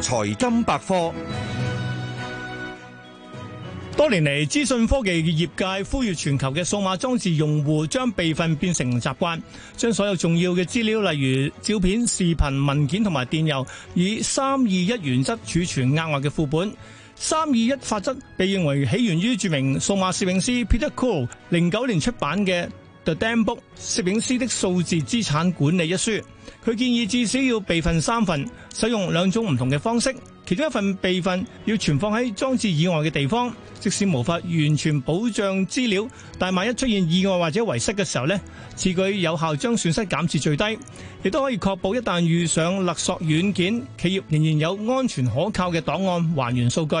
財金百科，多年嚟，資訊科技業界呼籲全球嘅數碼裝置用戶將備份變成習慣，將所有重要嘅資料，例如照片、視頻、文件同埋電郵，以三二一原則儲存額外嘅副本。三二一法則被認為起源於著名數碼攝影師 Peter Cool 零九年出版嘅，就 The DAM Book 攝影師的數字資產管理一書，佢建議至少要備份三份，使用兩種唔同嘅方式。其中一份備份要存放喺裝置以外嘅地方，即使無法完全保障資料，但萬一出現意外或者遺失嘅時候呢，此舉有效將損失減至最低，亦都可以確保一旦遇上勒索軟件，企業仍然有安全可靠嘅檔案還原數據，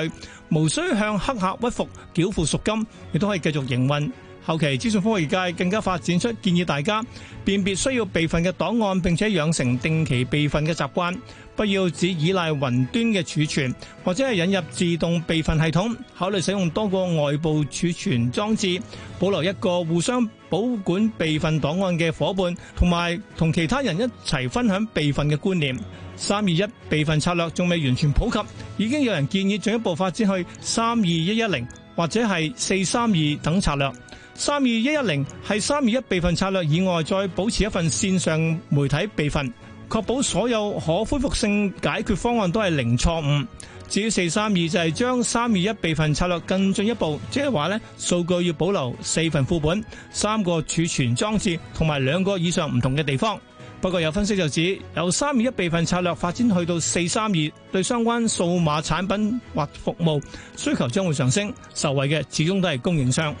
無需向黑客屈服，繳付贖金，亦都可以繼續營運。後期資訊科技界更加發展出建議大家辨別需要備份嘅檔案，並且養成定期備份嘅習慣。不要只依賴雲端嘅儲存，或者係引入自動備份系統，考慮使用多個外部儲存裝置，保留一個互相保管備份檔案嘅伙伴，同埋同其他人一齊分享備份嘅觀念。三二一備份策略仲未完全普及，已經有人建議進一步發展去三二一一零或者係四三二等策略。三二一一零，係三二一備份策略以外，再保持一份線上媒體備份，確保所有可恢復性解決方案都係零錯誤。至於四三二就係將三二一備份策略更進一步，即係話咧數據要保留四份副本，三個儲存裝置同埋兩個以上唔同嘅地方。不過有分析就指由三二一備份策略發展去到四三二，對相關數碼產品或服務需求將會上升，受惠嘅始終都係供應商。